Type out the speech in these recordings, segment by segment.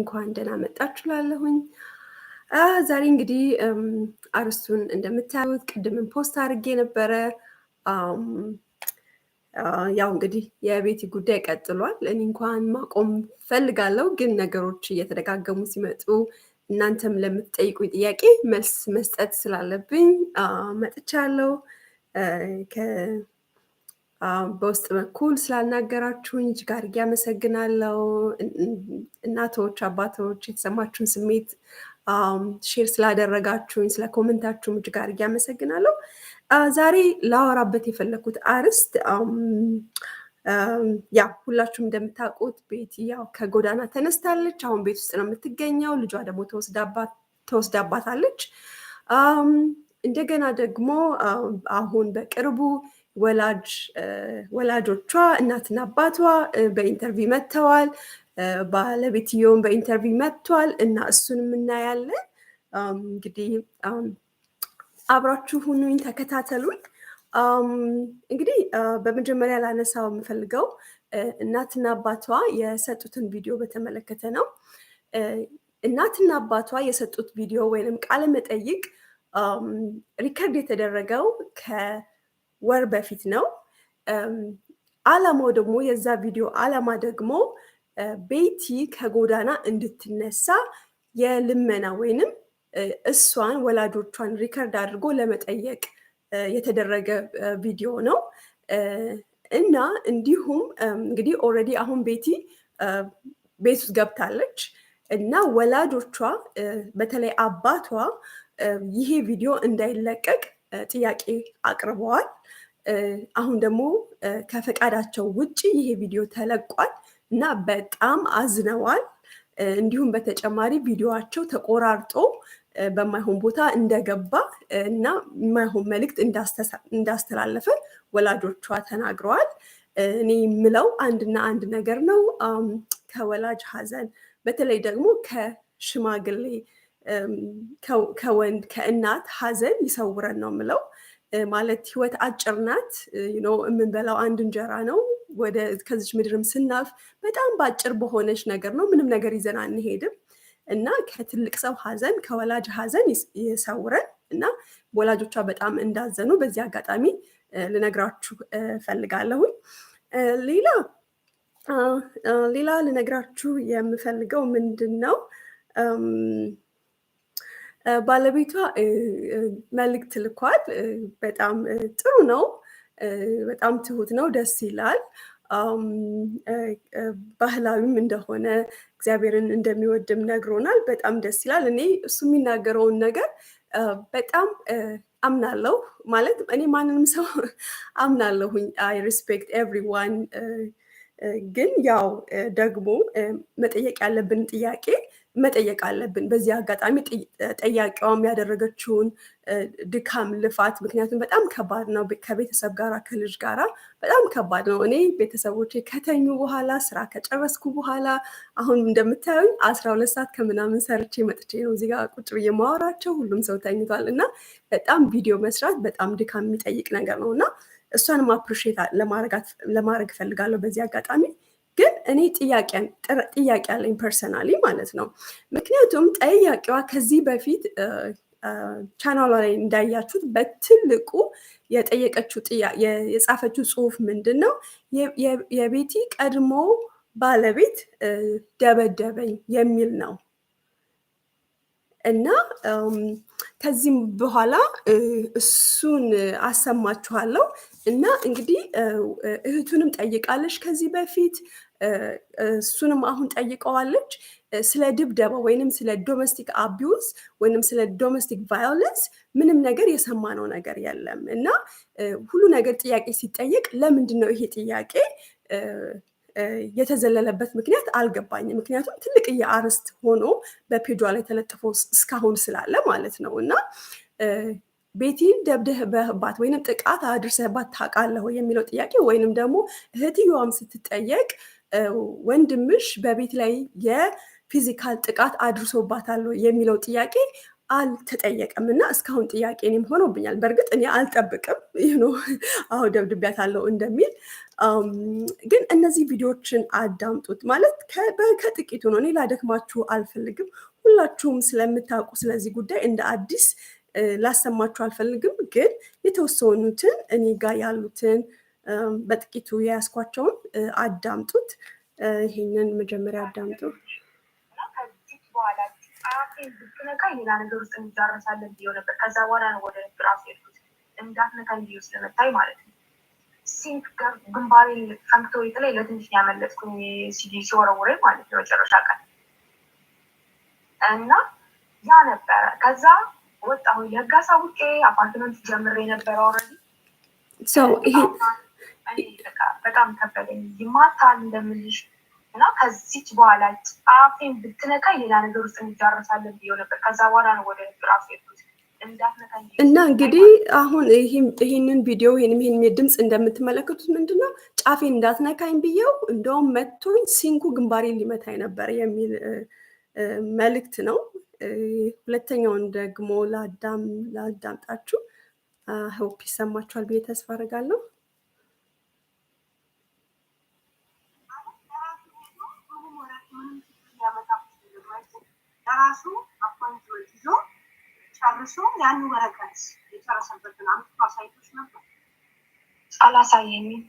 እንኳን ደህና መጣችሁ እላለሁኝ። ዛሬ እንግዲህ አርስቱን እንደምታዩት ቅድምን ፖስት አድርጌ ነበረ። ያው እንግዲህ የቤቲ ጉዳይ ቀጥሏል። እኔ እንኳን ማቆም ፈልጋለሁ፣ ግን ነገሮች እየተደጋገሙ ሲመጡ እናንተም ለምትጠይቁኝ ጥያቄ መልስ መስጠት ስላለብኝ መጥቻለሁ። በውስጥ በኩል ስላልናገራችሁኝ እጅግ አድርጌ አመሰግናለሁ። እናቶች፣ አባቶች የተሰማችሁን ስሜት ሼር ስላደረጋችሁኝ፣ ስለ ኮመንታችሁም እጅግ አድርጌ አመሰግናለሁ። ዛሬ ላወራበት የፈለኩት አርዕስት ያ ሁላችሁም እንደምታውቁት ቤቲ ያው ከጎዳና ተነስታለች። አሁን ቤት ውስጥ ነው የምትገኘው። ልጇ ደግሞ ተወስዳባታለች። እንደገና ደግሞ አሁን በቅርቡ ወላጆቿ እናትና አባቷ በኢንተርቪው መጥተዋል። ባለቤትየውን በኢንተርቪው መጥቷል እና እሱን የምናያለን። እንግዲህ አብራችሁ ሁኑኝ፣ ተከታተሉኝ። እንግዲህ በመጀመሪያ ላነሳው የምፈልገው እናትና አባቷ የሰጡትን ቪዲዮ በተመለከተ ነው። እናትና አባቷ የሰጡት ቪዲዮ ወይንም ቃለ መጠይቅ ሪከርድ የተደረገው ወር በፊት ነው። አላማው ደግሞ የዛ ቪዲዮ አላማ ደግሞ ቤቲ ከጎዳና እንድትነሳ የልመና ወይንም እሷን ወላጆቿን ሪከርድ አድርጎ ለመጠየቅ የተደረገ ቪዲዮ ነው እና እንዲሁም እንግዲህ ኦልሬዲ አሁን ቤቲ ቤት ውስጥ ገብታለች እና ወላጆቿ በተለይ አባቷ ይሄ ቪዲዮ እንዳይለቀቅ ጥያቄ አቅርበዋል። አሁን ደግሞ ከፈቃዳቸው ውጭ ይሄ ቪዲዮ ተለቋል እና በጣም አዝነዋል። እንዲሁም በተጨማሪ ቪዲዮዋቸው ተቆራርጦ በማይሆን ቦታ እንደገባ እና የማይሆን መልእክት እንዳስተላለፈ ወላጆቿ ተናግረዋል። እኔ የምለው አንድና አንድ ነገር ነው። ከወላጅ ሐዘን በተለይ ደግሞ ከሽማግሌ ከወንድ ከእናት ሐዘን ይሰውረን ነው የምለው። ማለት ህይወት አጭር ናት። የምንበላው አንድ እንጀራ ነው። ወደ ከዚች ምድርም ስናልፍ በጣም በአጭር በሆነች ነገር ነው። ምንም ነገር ይዘን አንሄድም እና ከትልቅ ሰው ሀዘን ከወላጅ ሀዘን ይሰውረን እና ወላጆቿ በጣም እንዳዘኑ በዚህ አጋጣሚ ልነግራችሁ ፈልጋለሁኝ። ሌላ ሌላ ልነግራችሁ የምፈልገው ምንድን ነው ባለቤቷ መልእክት ልኳል። በጣም ጥሩ ነው። በጣም ትሁት ነው። ደስ ይላል። ባህላዊም እንደሆነ እግዚአብሔርን እንደሚወድም ነግሮናል። በጣም ደስ ይላል። እኔ እሱ የሚናገረውን ነገር በጣም አምናለሁ። ማለት እኔ ማንንም ሰው አምናለሁኝ። አይ ሪስፔክት ኤቭሪዋን ግን ያው ደግሞ መጠየቅ ያለብን ጥያቄ መጠየቅ አለብን። በዚህ አጋጣሚ ጠያቂዋም ያደረገችውን ድካም፣ ልፋት ምክንያቱም በጣም ከባድ ነው። ከቤተሰብ ጋር ከልጅ ጋራ በጣም ከባድ ነው። እኔ ቤተሰቦቼ ከተኙ በኋላ ስራ ከጨረስኩ በኋላ አሁን እንደምታዩኝ አስራ ሁለት ሰዓት ከምናምን ሰርቼ መጥቼ ነው እዚጋ ቁጭ ብዬ ማወራቸው። ሁሉም ሰው ተኝቷል እና በጣም ቪዲዮ መስራት በጣም ድካም የሚጠይቅ ነገር ነው እና እሷንም አፕሪሼት ለማድረግ እፈልጋለሁ በዚህ አጋጣሚ ግን እኔ ጥያቄ አለኝ ፐርሰናሊ ማለት ነው። ምክንያቱም ጠያቂዋ ከዚህ በፊት ቻናሏ ላይ እንዳያችሁት በትልቁ የጠየቀችው የጻፈችው ጽሁፍ ምንድን ነው? የቤቲ ቀድሞ ባለቤት ደበደበኝ የሚል ነው እና ከዚህም በኋላ እሱን አሰማችኋለሁ። እና እንግዲህ እህቱንም ጠይቃለች ከዚህ በፊት እሱንም አሁን ጠይቀዋለች። ስለ ድብደባ ወይንም ስለ ዶሜስቲክ አቢውስ ወይንም ስለ ዶሜስቲክ ቫዮለንስ ምንም ነገር የሰማነው ነገር የለም እና ሁሉ ነገር ጥያቄ ሲጠየቅ ለምንድን ነው ይሄ ጥያቄ የተዘለለበት ምክንያት አልገባኝም። ምክንያቱም ትልቅዬ አርዕስት ሆኖ በፔጇ ላይ ተለጥፎ እስካሁን ስላለ ማለት ነው እና ቤቲ ደብደህበህባት ወይንም ጥቃት አድርሰህባት ታውቃለህ የሚለው ጥያቄ ወይንም ደግሞ እህትየዋም ስትጠየቅ ወንድምሽ በቤት ላይ የፊዚካል ጥቃት አድርሶባታል የሚለው ጥያቄ አልተጠየቀም እና እስካሁን ጥያቄ እኔም ሆኖብኛል። በእርግጥ እኔ አልጠብቅም ይህኖ አሁ ደብድቤያት አለው እንደሚል ግን እነዚህ ቪዲዮዎችን አዳምጡት ማለት ከጥቂቱ ነው። እኔ ላደክማችሁ አልፈልግም። ሁላችሁም ስለምታውቁ ስለዚህ ጉዳይ እንደ አዲስ ላሰማችሁ አልፈልግም። ግን የተወሰኑትን እኔ ጋር ያሉትን በጥቂቱ የያዝኳቸውን አዳምጡት። ይሄንን መጀመሪያ አዳምጡ። አያቴን ብትነካ ሌላ ነገር ውስጥ እንዳረሳለን ብዬው ነበር። ከዛ በኋላ ነው ወደ ራሱ ሄድኩት እንዳትነካ ብዬ ስለመታኝ ማለት ነው። ሲንክ ግንባሬ ፈንክቶ የተለይ ለትንሽ ያመለጥኩኝ ሲወረውረኝ ማለት ነው መጨረሻ ቀን እና ያ ነበረ። ከዛ ወጣሁ ለጋሳ ውቄ አፓርትመንት ጀምሬ ነበረ ኦልሬዲ ሰው ይሄ በጣም ከበደኝ። ይማታል እንደምልሽ እና ከዚች በኋላ አፌን ብትነካ ሌላ ነገር ውስጥ እንጃረሳለን ብዬው ነበር። ከዛ በኋላ ነው ወደ ንግር አፍ እና እንግዲህ አሁን ይህንን ቪዲዮ ወይም ይህን ድምፅ እንደምትመለከቱት ምንድነው ጫፌን እንዳትነካኝ ብየው እንደውም መቶኝ ሲንኩ ግንባሬ ሊመታኝ ነበር የሚል መልእክት ነው። ሁለተኛውን ደግሞ ለአዳም ለአዳምጣችሁ ሆፕ ይሰማችኋል ብዬ ተስፋ አደርጋለሁ። ለራሱ አፖይንትመንት ይዞ ጨርሶ ያን ወረቀት የጨረሰበትን አምጥቶ አሳይቶች ነበር። አላሳየኝም።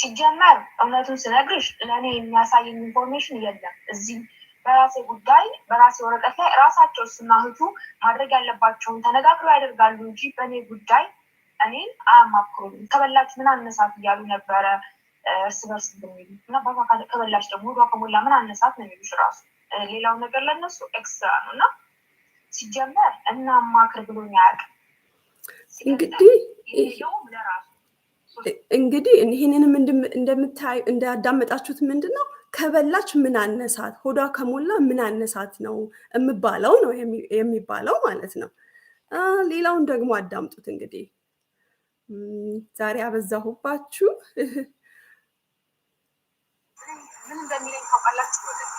ሲጀመር እውነቱን ስነግርሽ ለእኔ የሚያሳይ ኢንፎርሜሽን የለም። እዚህ በራሴ ጉዳይ በራሴ ወረቀት ላይ ራሳቸው እሱና እህቱ ማድረግ ያለባቸውን ተነጋግሮ ያደርጋሉ እንጂ በእኔ ጉዳይ እኔን አያማክሩም። ከበላችሁ ምን አነሳት እያሉ ነበረ እርስ በርስ ብሚሉ እና ከበላች ደግሞ ዷ ከሞላ ምን አነሳት ነው የሚሉሽ ራሱ ሌላው ነገር ለነሱ ኤክስትራ ነው እና ሲጀመር እና ማክር ብሎኝ አያውቅም። እንግዲህ ይህንንም እንዳዳመጣችሁት ምንድን ነው ከበላች ምን አነሳት፣ ሆዷ ከሞላ ምን አነሳት ነው የምባለው ነው የሚባለው ማለት ነው። ሌላውን ደግሞ አዳምጡት እንግዲህ ዛሬ አበዛሁባችሁ። ምን እንደሚለኝ ታውቃላችሁ።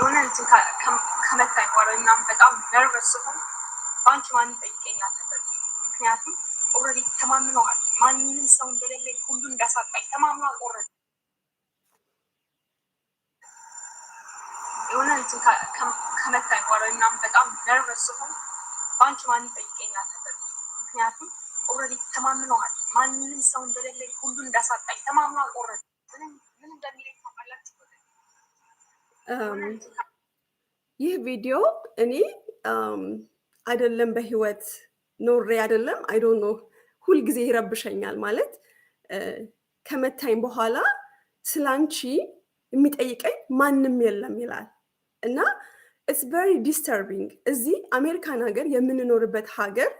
የሆነ እንትን ከመታኝ በኋላ ምናምን በጣም ነርቨስ ስሆን በአንቺ ማን ይጠይቀኛል ነበር። ምክንያቱም ኦልሬዲ ተማምነዋል። ማንንም ሰው እንደሌለኝ ሁሉ እንዳሳጣኝ ተማምኗል ኦልሬዲ የሆነ እንትን ከመታኝ በኋላ ምናምን በጣም ነርቨስ ስሆን በአንቺ ማን ይጠይቀኛል ነበር። ምክንያቱም ኦልሬዲ ተማምነዋል። ማንንም ሰው እንደሌለኝ ሁሉ እንዳሳጣኝ ተማምኗል ኦልሬዲ ምንም ምንም እንደሚለኝ ይህ ቪዲዮ እኔ አይደለም በህይወት ኖሬ አይደለም አይ ዶንት ኖ ሁልጊዜ ይረብሸኛል። ማለት ከመታኝ በኋላ ስላንቺ የሚጠይቀኝ ማንም የለም ይላል እና ኢትስ ቨሪ ዲስተርቢንግ። እዚህ አሜሪካን ሀገር የምንኖርበት ሀገር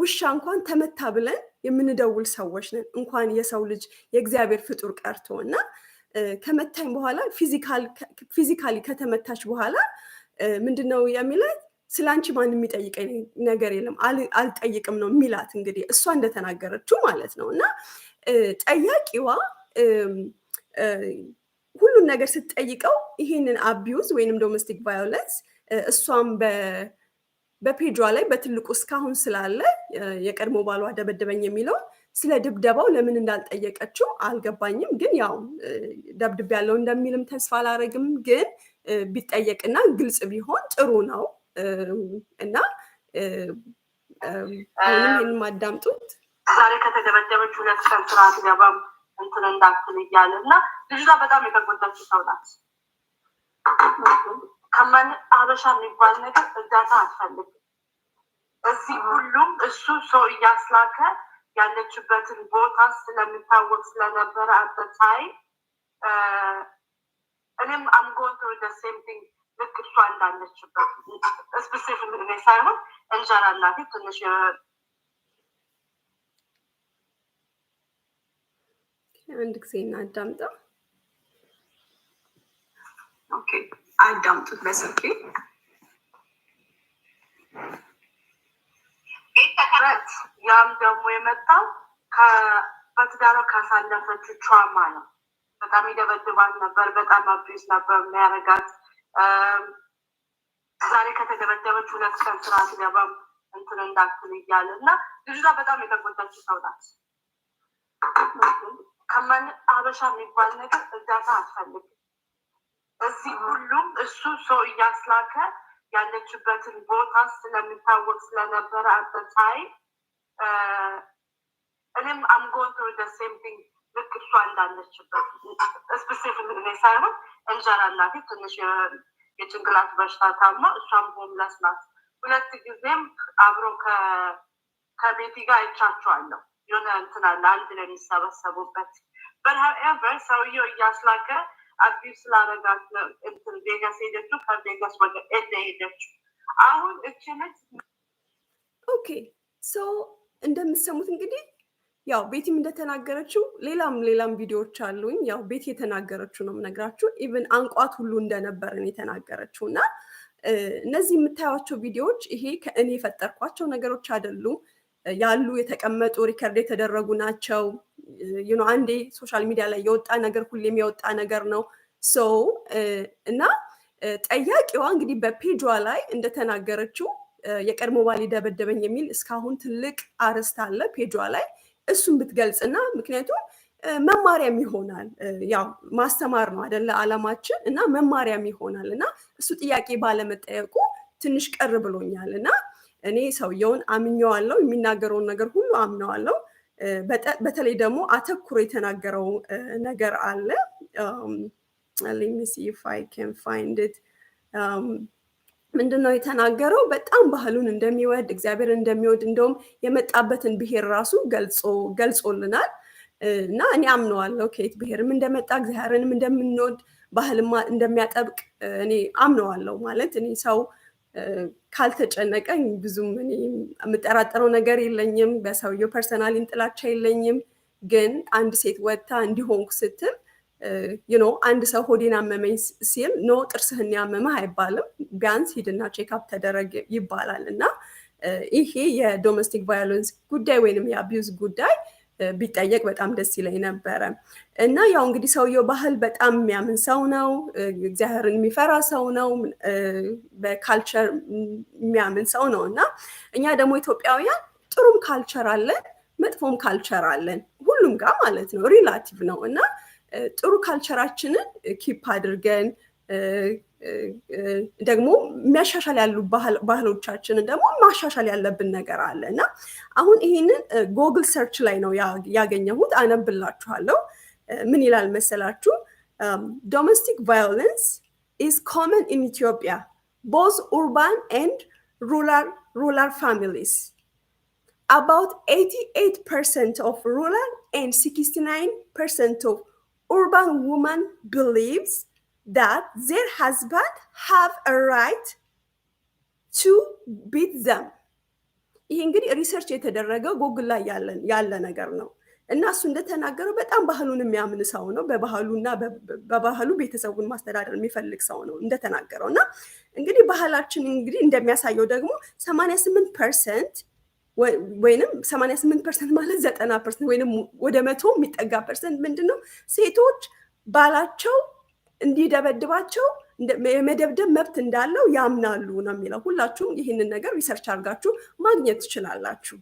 ውሻ እንኳን ተመታ ብለን የምንደውል ሰዎች ነን፣ እንኳን የሰው ልጅ የእግዚአብሔር ፍጡር ቀርቶ እና ከመታኝ በኋላ ፊዚካሊ ከተመታች በኋላ ምንድነው የሚላት ስለ አንቺ ማን የሚጠይቀኝ ነገር የለም አልጠይቅም ነው የሚላት። እንግዲህ እሷ እንደተናገረችው ማለት ነው። እና ጠያቂዋ ሁሉን ነገር ስትጠይቀው ይህንን አቢዩዝ ወይንም ዶሜስቲክ ቫዮለንስ እሷም በፔጇ ላይ በትልቁ እስካሁን ስላለ የቀድሞ ባሏ ደበደበኝ የሚለውን ስለ ድብደባው ለምን እንዳልጠየቀችው አልገባኝም። ግን ያው ደብድብ ያለው እንደሚልም ተስፋ አላረግም። ግን ቢጠየቅና ግልጽ ቢሆን ጥሩ ነው እና ይህን ማዳምጡት ዛሬ ከተደበደበች ሁለት ቀን ስራ አትገባም እንትን እንዳትል እያለ እና ልጅቷ በጣም የተጎዳች ሰው ናት። ከማን አበሻ የሚባል ነገር እርዳታ አትፈልግም። እዚህ ሁሉም እሱ ሰው እያስላከ ያለችበትን ቦታ ስለሚታወቅ ስለነበረ አበታይ እኔም አምጎቶ ደሴም ቲንግ ልክ እሷ እንዳለችበት ስፔሲፊክ ምግቤ ሳይሆን እንጀራ እናቴ ትንሽ አንድ ጊዜ እናዳምጠው። ኦኬ አዳምጡት በስልኬ ጥረት ያም ደግሞ የመጣው በትዳሯ ካሳለፈች ትራውማ ነው። በጣም ይደበድባት ነበር። በጣም አብዩዝ ነበር የሚያደርጋት። ዛሬ ከተደበደበች ሁለት ቀን ስራ ሲገባም እንትን እንዳትል እያለ እና ልጅቷ በጣም የተጎዳች ሰው ናት። ከማን አበሻ የሚባል ነገር እርዳታ አትፈልግም። እዚህ ሁሉም እሱ ሰው እያስላከ ያለችበትን ቦታ ስለሚታወቅ ስለነበረ አጠጣይ እኔም አምጎን ሴም ቲንግ ልክ እሷ እንዳለችበት ስፔሲፊክ እኔ ሳይሆን እንጀራ እናቴ ትንሽ የጭንቅላት በሽታ ታማ እሷም ሆምለስ ናት። ሁለት ጊዜም አብሮ ከቤቲ ጋር አይቻቸዋለሁ። የሆነ እንትን አለ አንድ ላይ የሚሰበሰቡበት በሀኤቨር ሰውየው እያስላከ አቢው ስላረጋት ነው እንትን ቬጋስ ሄደችው። ከቬጋስ ወደ ኤለ ሄደችው። አሁን እችነት ኦኬ ሰው እንደምሰሙት እንግዲህ ያው ቤቲም እንደተናገረችው ሌላም ሌላም ቪዲዮዎች አሉኝ። ያው ቤቲ የተናገረችው ነው የምነግራችሁ። ኢቨን አንቋት ሁሉ እንደነበርን የተናገረችው እና እነዚህ የምታያቸው ቪዲዮዎች ይሄ ከእኔ የፈጠርኳቸው ነገሮች አይደሉም። ያሉ የተቀመጡ ሪከርድ የተደረጉ ናቸው። ዩኖ አንዴ ሶሻል ሚዲያ ላይ የወጣ ነገር ሁሌም የወጣ ነገር ነው። ሶ እና ጠያቂዋ እንግዲህ በፔጇ ላይ እንደተናገረችው የቀድሞ ባል ደበደበኝ የሚል እስካሁን ትልቅ አርዕስት አለ ፔጇ ላይ እሱን ብትገልጽና ምክንያቱም መማሪያም ይሆናል። ያው ማስተማር ነው አደለ አላማችን፣ እና መማሪያም ይሆናል እና እሱ ጥያቄ ባለመጠየቁ ትንሽ ቀር ብሎኛል እና እኔ ሰውየውን አምኘዋለው፣ የሚናገረውን ነገር ሁሉ አምነዋለው። በተለይ ደግሞ አተኩሮ የተናገረው ነገር አለ ምንድን ምንድነው የተናገረው? በጣም ባህሉን እንደሚወድ እግዚአብሔር እንደሚወድ እንደውም የመጣበትን ብሔር ራሱ ገልጾልናል። እና እኔ አምነዋለው ከየት ብሔርም እንደመጣ እግዚአብሔርንም እንደምንወድ ባህል እንደሚያጠብቅ እኔ አምነዋለሁ። ማለት እኔ ሰው ካልተጨነቀኝ ብዙም እኔ የምጠራጠረው ነገር የለኝም። በሰውየው ፐርሰናል እንጥላቻ የለኝም። ግን አንድ ሴት ወጥታ እንዲሆንኩ ስትል ዩኖ አንድ ሰው ሆዴን አመመኝ ሲል ኖ ጥርስህን ያመመህ አይባልም። ቢያንስ ሂድና ቼክአፕ ተደረግ ይባላል እና ይሄ የዶሜስቲክ ቫዮለንስ ጉዳይ ወይንም የአቢዩዝ ጉዳይ ቢጠየቅ በጣም ደስ ይለኝ ነበረ እና ያው እንግዲህ ሰውየው ባህል በጣም የሚያምን ሰው ነው። እግዚአብሔርን የሚፈራ ሰው ነው። በካልቸር የሚያምን ሰው ነው እና እኛ ደግሞ ኢትዮጵያውያን ጥሩም ካልቸር አለን፣ መጥፎም ካልቸር አለን። ሁሉም ጋር ማለት ነው። ሪላቲቭ ነው እና ጥሩ ካልቸራችንን ኪፕ አድርገን ደግሞ የሚያሻሻል ያሉ ባህሎቻችንን ደግሞ ማሻሻል ያለብን ነገር አለ እና አሁን ይህንን ጎግል ሰርች ላይ ነው ያገኘሁት። አነብላችኋለሁ። ምን ይላል መሰላችሁ? ዶሜስቲክ ቫዮለንስ ኢዝ ኮመን ኢን ኢትዮጵያ ቦዝ ኡርባን ኤንድ ሩላር ፋሚሊስ አባውት 88 ፐርሰንት ኦፍ ሩራል ኤንድ 69 ፐርሰንት ኦፍ ኡርባን ውመን ቢሊቭስ that their husband have a right to beat them። ይህ እንግዲህ ሪሰርች የተደረገው ጎግል ላይ ያለ ነገር ነው እና እሱ እንደተናገረው በጣም ባህሉን የሚያምን ሰው ነው። በባህሉና በባህሉ ቤተሰቡን ማስተዳደር የሚፈልግ ሰው ነው እንደተናገረው እና እንግዲህ ባህላችን እንግዲህ እንደሚያሳየው ደግሞ ሰማንያ ስምንት ፐርሰንት ወይንም 88 ፐርሰንት ማለት ዘጠና ፐርሰንት ወይም ወደ መቶ የሚጠጋ ፐርሰንት ምንድን ነው ሴቶች ባላቸው እንዲደበድባቸው የመደብደብ መብት እንዳለው ያምናሉ ነው የሚለው። ሁላችሁም ይህንን ነገር ሪሰርች አድርጋችሁ ማግኘት ትችላላችሁ።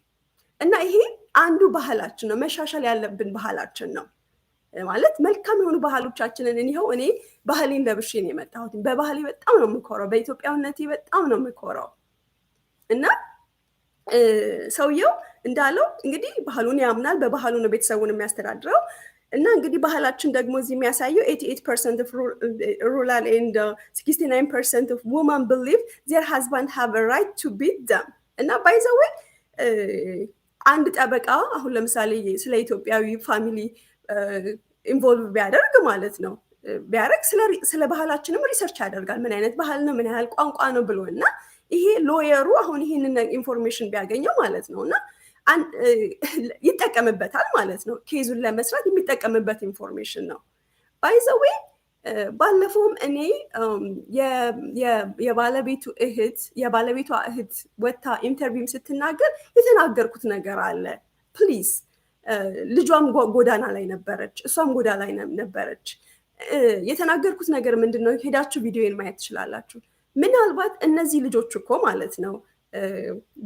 እና ይሄ አንዱ ባህላችን ነው፣ መሻሻል ያለብን ባህላችን ነው ማለት መልካም የሆኑ ባህሎቻችንን እኒኸው እኔ ባህሌን ለብሼ ነው የመጣሁት። በባህሌ በጣም ነው የምኮረው፣ በኢትዮጵያዊነቴ በጣም ነው የምኮረው። እና ሰውየው እንዳለው እንግዲህ ባህሉን ያምናል፣ በባህሉ ነው ቤተሰቡን የሚያስተዳድረው። እና እንግዲህ ባህላችን ደግሞ እዚህ የሚያሳየው ኤቲ ኤት ፐርሰንት ኦፍ ሩራል ኤንድ ሲክስቲ ናይን ፐርሰንት ኦፍ ውመን ብሊቭ ዜር ሀዝባንድ ሃቭ ራይት ቱ ቢት ደም እና ባይዘወይ uh, አንድ ጠበቃ አሁን ለምሳሌ ስለ ኢትዮጵያዊ ፋሚሊ ኢንቮልቭ uh, ቢያደርግ ማለት ነው ቢያደርግ ስለ ባህላችንም ሪሰርች ያደርጋል። ምን አይነት ባህል ነው፣ ምን ያህል ቋንቋ ነው ብሎ እና ይሄ ሎየሩ አሁን ይህንን ኢንፎርሜሽን ቢያገኘው ማለት ነው እና ይጠቀምበታል ማለት ነው። ኬዙን ለመስራት የሚጠቀምበት ኢንፎርሜሽን ነው። ባይዘዌ ባለፈውም እኔ የባለቤቱ እህት የባለቤቷ እህት ወታ ኢንተርቪውም ስትናገር የተናገርኩት ነገር አለ። ፕሊዝ ልጇም ጎዳና ላይ ነበረች፣ እሷም ጎዳና ላይ ነበረች። የተናገርኩት ነገር ምንድን ነው? ሄዳችሁ ቪዲዮን ማየት ትችላላችሁ። ምናልባት እነዚህ ልጆች እኮ ማለት ነው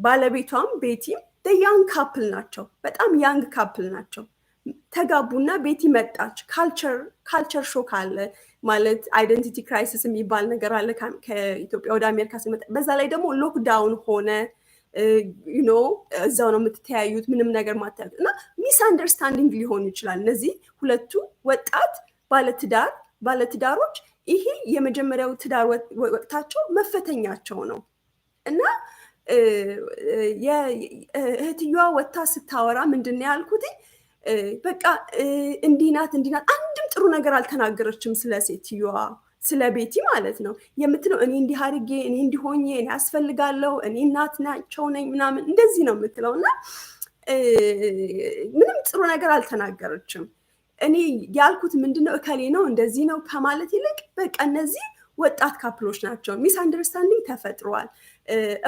ባለቤቷም ቤቲም ያንግ ካፕል ናቸው። በጣም ያንግ ካፕል ናቸው። ተጋቡና ቤቲ መጣች። ካልቸር ሾክ አለ ማለት አይደንቲቲ ክራይሲስ የሚባል ነገር አለ ከኢትዮጵያ ወደ አሜሪካ ስንመጣ። በዛ ላይ ደግሞ ሎክዳውን ሆነ ዩኖ እዛው ነው የምትተያዩት፣ ምንም ነገር ማታዩት እና ሚስ አንደርስታንዲንግ ሊሆኑ ይችላል። እነዚህ ሁለቱ ወጣት ባለትዳር ባለትዳሮች ይሄ የመጀመሪያው ትዳር ወቅታቸው መፈተኛቸው ነው እና እህትዮዋ ወታ ስታወራ ምንድን ነው ያልኩት? በቃ እንዲህ ናት አንድም ጥሩ ነገር አልተናገረችም ስለ ሴትዮዋ ስለ ቤቲ ማለት ነው የምትለው። እኔ እንዲህ አድርጌ እኔ እንዲሆኜ እኔ ያስፈልጋለሁ እኔ እናት ናቸው ነኝ ምናምን እንደዚህ ነው የምትለው እና ምንም ጥሩ ነገር አልተናገረችም። እኔ ያልኩት ምንድነው እከሌ ነው እንደዚህ ነው ከማለት ይልቅ በቃ እነዚህ ወጣት ካፕሎች ናቸው። ሚስ አንደርስታንዲንግ ተፈጥሯል።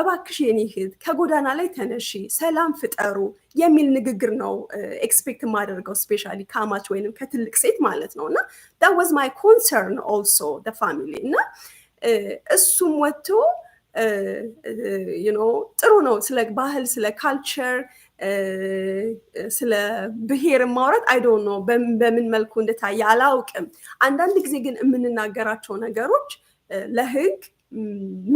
እባክሽ የኔ እህት ከጎዳና ላይ ተነሺ፣ ሰላም ፍጠሩ የሚል ንግግር ነው ኤክስፔክት የማደርገው ስፔሻሊ ከአማች ወይንም ከትልቅ ሴት ማለት ነው። እና ዳት ዋዝ ማይ ኮንሰርን ኦልሶ ደ ፋሚሊ እና እሱም ወጥቶ ጥሩ ነው ስለ ባህል ስለ ካልቸር ስለ ብሄር ማውራት አይዶ ነው በምን መልኩ እንደታየ አላውቅም። አንዳንድ ጊዜ ግን የምንናገራቸው ነገሮች ለህግ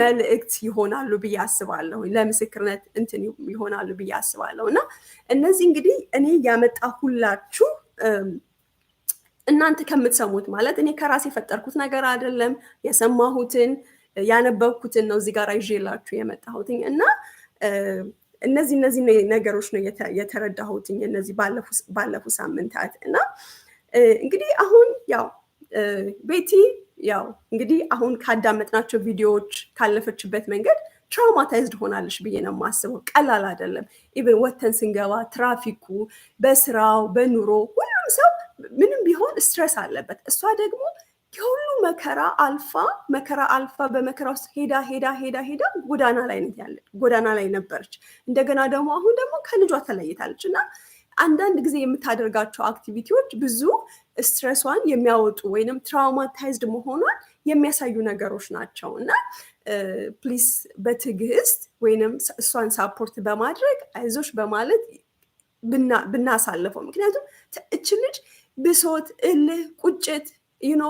መልእክት ይሆናሉ ብዬ አስባለሁ። ለምስክርነት እንትን ይሆናሉ ብዬ አስባለሁ እና እነዚህ እንግዲህ እኔ ያመጣሁላችሁ እናንተ ከምትሰሙት ማለት እኔ ከራሴ የፈጠርኩት ነገር አይደለም። የሰማሁትን ያነበብኩትን ነው እዚህ ጋር ይዤላችሁ የመጣሁትኝ እና እነዚህ እነዚህ ነገሮች ነው የተረዳሁትኝ እነዚህ ባለፉ ሳምንታት እና እንግዲህ አሁን ያው ቤቲ ያው እንግዲህ አሁን ካዳመጥናቸው ቪዲዮዎች ካለፈችበት መንገድ ትራውማታይዝድ ሆናለች ብዬ ነው የማስበው። ቀላል አይደለም። ኢቨን ወተን ስንገባ ትራፊኩ፣ በስራው፣ በኑሮ ሁሉም ሰው ምንም ቢሆን ስትረስ አለበት። እሷ ደግሞ የሁሉ መከራ አልፋ መከራ አልፋ በመከራ ውስጥ ሄዳ ሄዳ ሄዳ ሄዳ ጎዳና ላይ ያለ ጎዳና ላይ ነበረች። እንደገና ደግሞ አሁን ደግሞ ከልጇ ተለይታለች እና አንዳንድ ጊዜ የምታደርጋቸው አክቲቪቲዎች ብዙ ስትረሷን የሚያወጡ ወይንም ትራውማታይዝድ መሆኗን የሚያሳዩ ነገሮች ናቸው እና ፕሊስ በትግህስት ወይንም እሷን ሳፖርት በማድረግ አይዞች በማለት ብናሳልፈው። ምክንያቱም እች ልጅ ብሶት፣ እልህ፣ ቁጭት ዩኖ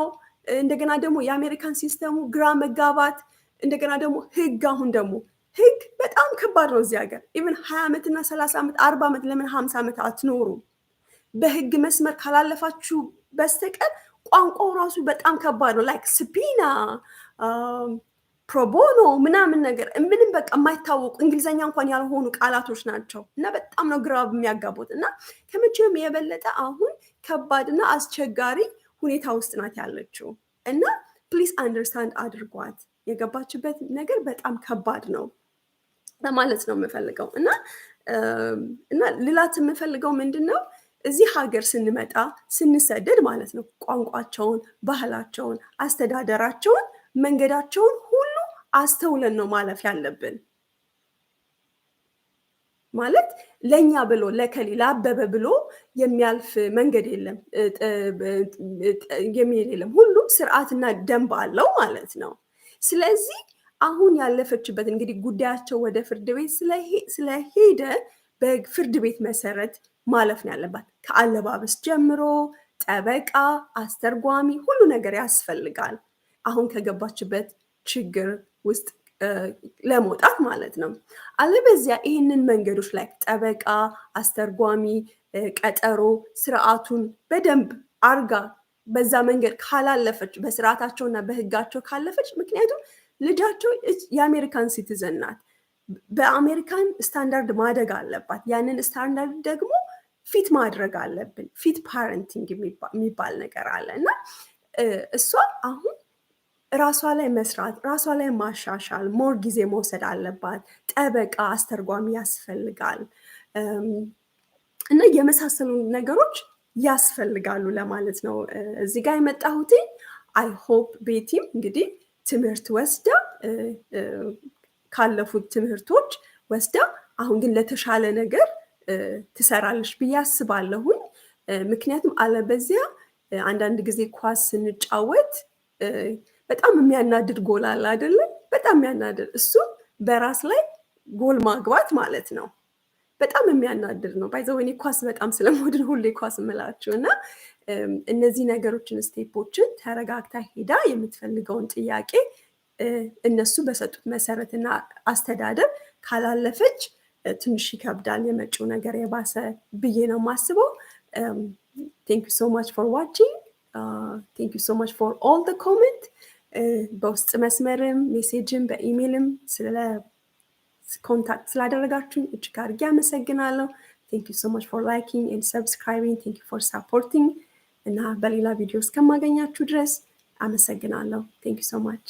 እንደገና ደግሞ የአሜሪካን ሲስተሙ ግራ መጋባት፣ እንደገና ደግሞ ህግ አሁን ደግሞ ህግ በጣም ከባድ ነው እዚህ ሀገር። ኢቨን ሀያ ዓመትና ሰላሳ ዓመት አርባ ዓመት ለምን ሀምሳ ዓመት አትኖሩም? በህግ መስመር ካላለፋችሁ በስተቀር ቋንቋው ራሱ በጣም ከባድ ነው። ላይክ ስፒና ፕሮቦኖ ምናምን ነገር ምንም በቃ የማይታወቁ እንግሊዝኛ እንኳን ያልሆኑ ቃላቶች ናቸው እና በጣም ነው ግራብ የሚያጋቡት እና ከመቼውም የበለጠ አሁን ከባድና አስቸጋሪ ሁኔታ ውስጥ ናት ያለችው እና ፕሊስ አንደርስታንድ አድርጓት። የገባችበት ነገር በጣም ከባድ ነው ለማለት ነው የምፈልገው እና um, እና ልላት የምፈልገው ምንድን ነው እዚህ ሀገር ስንመጣ ስንሰደድ ማለት ነው ቋንቋቸውን፣ ባህላቸውን፣ አስተዳደራቸውን፣ መንገዳቸውን ሁሉ አስተውለን ነው ማለፍ ያለብን። ማለት ለእኛ ብሎ ለከሌ ለአበበ ብሎ የሚያልፍ መንገድ የለም፣ የሚሄድ የለም። ሁሉም ስርዓትና ደንብ አለው ማለት ነው። ስለዚህ አሁን ያለፈችበት እንግዲህ ጉዳያቸው ወደ ፍርድ ቤት ስለሄደ በፍርድ ቤት መሰረት ማለፍ ነው ያለባት። ከአለባበስ ጀምሮ ጠበቃ፣ አስተርጓሚ፣ ሁሉ ነገር ያስፈልጋል። አሁን ከገባችበት ችግር ውስጥ ለመውጣት ማለት ነው። አለበዚያ ይህንን መንገዶች ላይ ጠበቃ፣ አስተርጓሚ፣ ቀጠሮ ስርዓቱን በደንብ አርጋ በዛ መንገድ ካላለፈች እና በህጋቸው ካለፈች፣ ምክንያቱም ልጃቸው የአሜሪካን ሲቲዘን ናት። በአሜሪካን ስታንዳርድ ማደግ አለባት። ያንን ስታንዳርድ ደግሞ ፊት ማድረግ አለብን። ፊት ፓረንቲንግ የሚባል ነገር አለ እና እሷ አሁን ራሷ ላይ መስራት፣ ራሷ ላይ ማሻሻል፣ ሞር ጊዜ መውሰድ አለባት። ጠበቃ፣ አስተርጓሚ ያስፈልጋል እና የመሳሰሉ ነገሮች ያስፈልጋሉ ለማለት ነው እዚህ ጋር የመጣሁት። አይ ሆፕ ቤቲም እንግዲህ ትምህርት ወስዳ ካለፉት ትምህርቶች ወስዳ አሁን ግን ለተሻለ ነገር ትሰራለች ብዬ አስባለሁኝ። ምክንያቱም አለበዚያ አንዳንድ ጊዜ ኳስ ስንጫወት በጣም የሚያናድድ ጎል አለ አይደለም? በጣም የሚያናድድ እሱ በራስ ላይ ጎል ማግባት ማለት ነው። በጣም የሚያናድድ ነው። ባይዘው እኔ ኳስ በጣም ስለምወድን ሁሌ ኳስ እምላችሁ እና እነዚህ ነገሮችን ስቴፖችን ተረጋግታ ሄዳ የምትፈልገውን ጥያቄ እነሱ በሰጡት መሰረትና አስተዳደር ካላለፈች ትንሽ ይከብዳል የመጪው ነገር የባሰ ብዬ ነው የማስበው። ቴንክ ዩ ሶ ማች ፎር ዋቺንግ ቴንክ ዩ ሶ ማች ፎር ኦል ደ ኮመንት በውስጥ መስመርም ሜሴጅም በኢሜይልም ስለ ኮንታክት ስላደረጋችሁኝ እጅግ አድርጌ አመሰግናለሁ። ቴንክ ዩ ሶ ማች ፎር ላይኪንግ ኤንድ ሰብስክራይቢንግ ቴንክ ዩ ፎር ሳፖርቲንግ እና በሌላ ቪዲዮ እስከማገኛችሁ ድረስ አመሰግናለሁ። ቴንክ ዩ ሶ ማች